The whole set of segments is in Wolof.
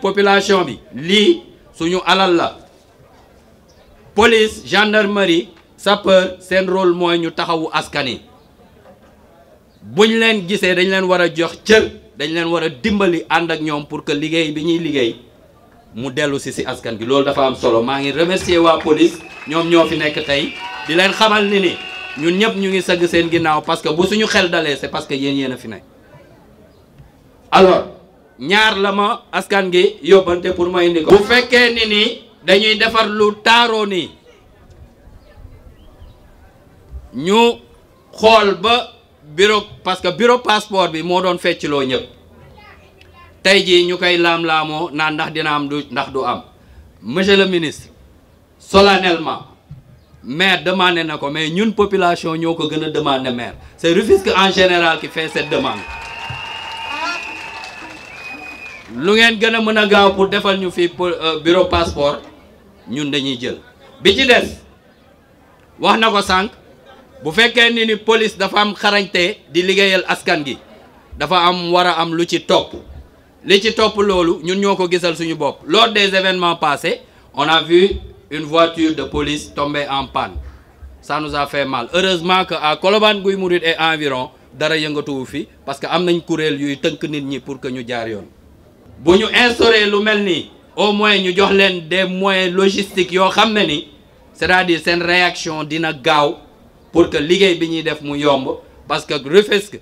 population bi li suñu alal la police gendarmerie sapeur sen rôle moy ñu taxawu askani buñ leen gisé dañ leen wara jox dimbali ak pour que liggéey bi ñuy liggéey mu askan dafa solo ngi remercier police ñom ñoo fi nekk tay di leen xamal ni ñun ñu ngi parce que bu suñu xel c'est parce que alors ñaar la ma askan gi yóbbante pour ma indi ko. bu fekkee ni nii dañuy defar lu taaroo nii ñu xool ba bureau parce que bureau passeport bi moo doon feccloo ñëpp tey jii ñu koy laam-laamoo naan ndax dina am du ndax du am monsieur le ministre solennellement maire demandé na ko mais ñun population ñoo ko gën a demandé maire c'est Rufisque en général qui fait cette demande lu ngeen gën a mën a gaaw pour defal ñu fi euh, bureau passeport ñun dañuy jël bi ci des wax na ko sànq bu fekkee ni ni police dafa am xarañte di liggéeyal askan gi dafa am war a am lu ci topp li ci topp loolu ñun ñoo ko gisal suñu bopp lors des événements passés on a vu une voiture de police tomber en panne ça nous a fait mal heureusement que à Koloban Guy Mouride et environ dara yëngatuwu fi parce que am nañ kuréel yuy tënk nit ñi pour que ñu jaar yoon bu ñu instauré lu mel ni au moins ñu jox leen des moyens logistiques yoo xam ne ni c'est-à-dire une réaction dina gaaw pour que liggéey bi ñuy def mu yomb parce que Rufisque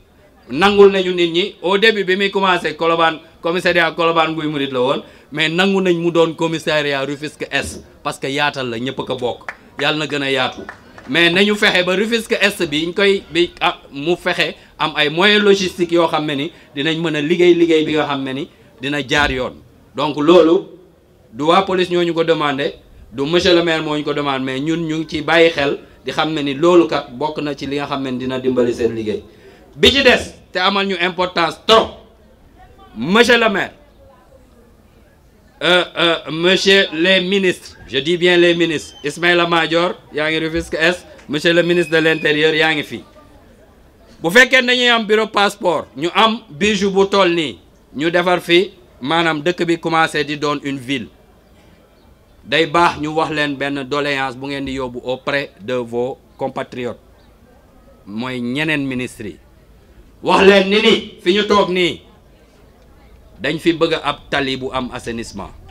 nangul nañu nit ñi au début bi muy commencé Colobane commissariat Colobane Guy mourid la won mais nangu nañ mu doon commissariat Rufisque s parce que yaatal la ñepp ko bok yalla na gëna yaatu mais nañu fexé ba Rufisque s bi ñ koy bi ah, mu fexé am ay moyens logistiques yo xamné ni dinañ mëna a liggéey liggéey bi nga xamné ni dina jaar yoon donc loolu du waa police ñoo ñu ko demandé du monsieur le maire moo ñu ko demande mais ñun ñu ngi ci bàyyi xel di xam na ni loolu kat bokk na ci li nga xam ne dina dimbali seen liggéey bi ci des te amal ñu importance trop monsieur le maire euh, euh, monsieur les ministres je dis bien les ministres Ismaïla Madior yaa ngi Rufisque Est monsieur le ministre de l'intérieur yaa ngi fii bu fekkee dañuy am bureau passeport ñu am bijou bu toll nii ñu defar fi maanaam dëkk bi commencé di doon une ville day baax ñu wax leen benn doléance bu ngeen di yóbbu auprès de vos compatriotes mooy ñeneen ministres yi wax leen ni ni fi ñu toog nii dañ fi bëgg ab tali bu am assainissement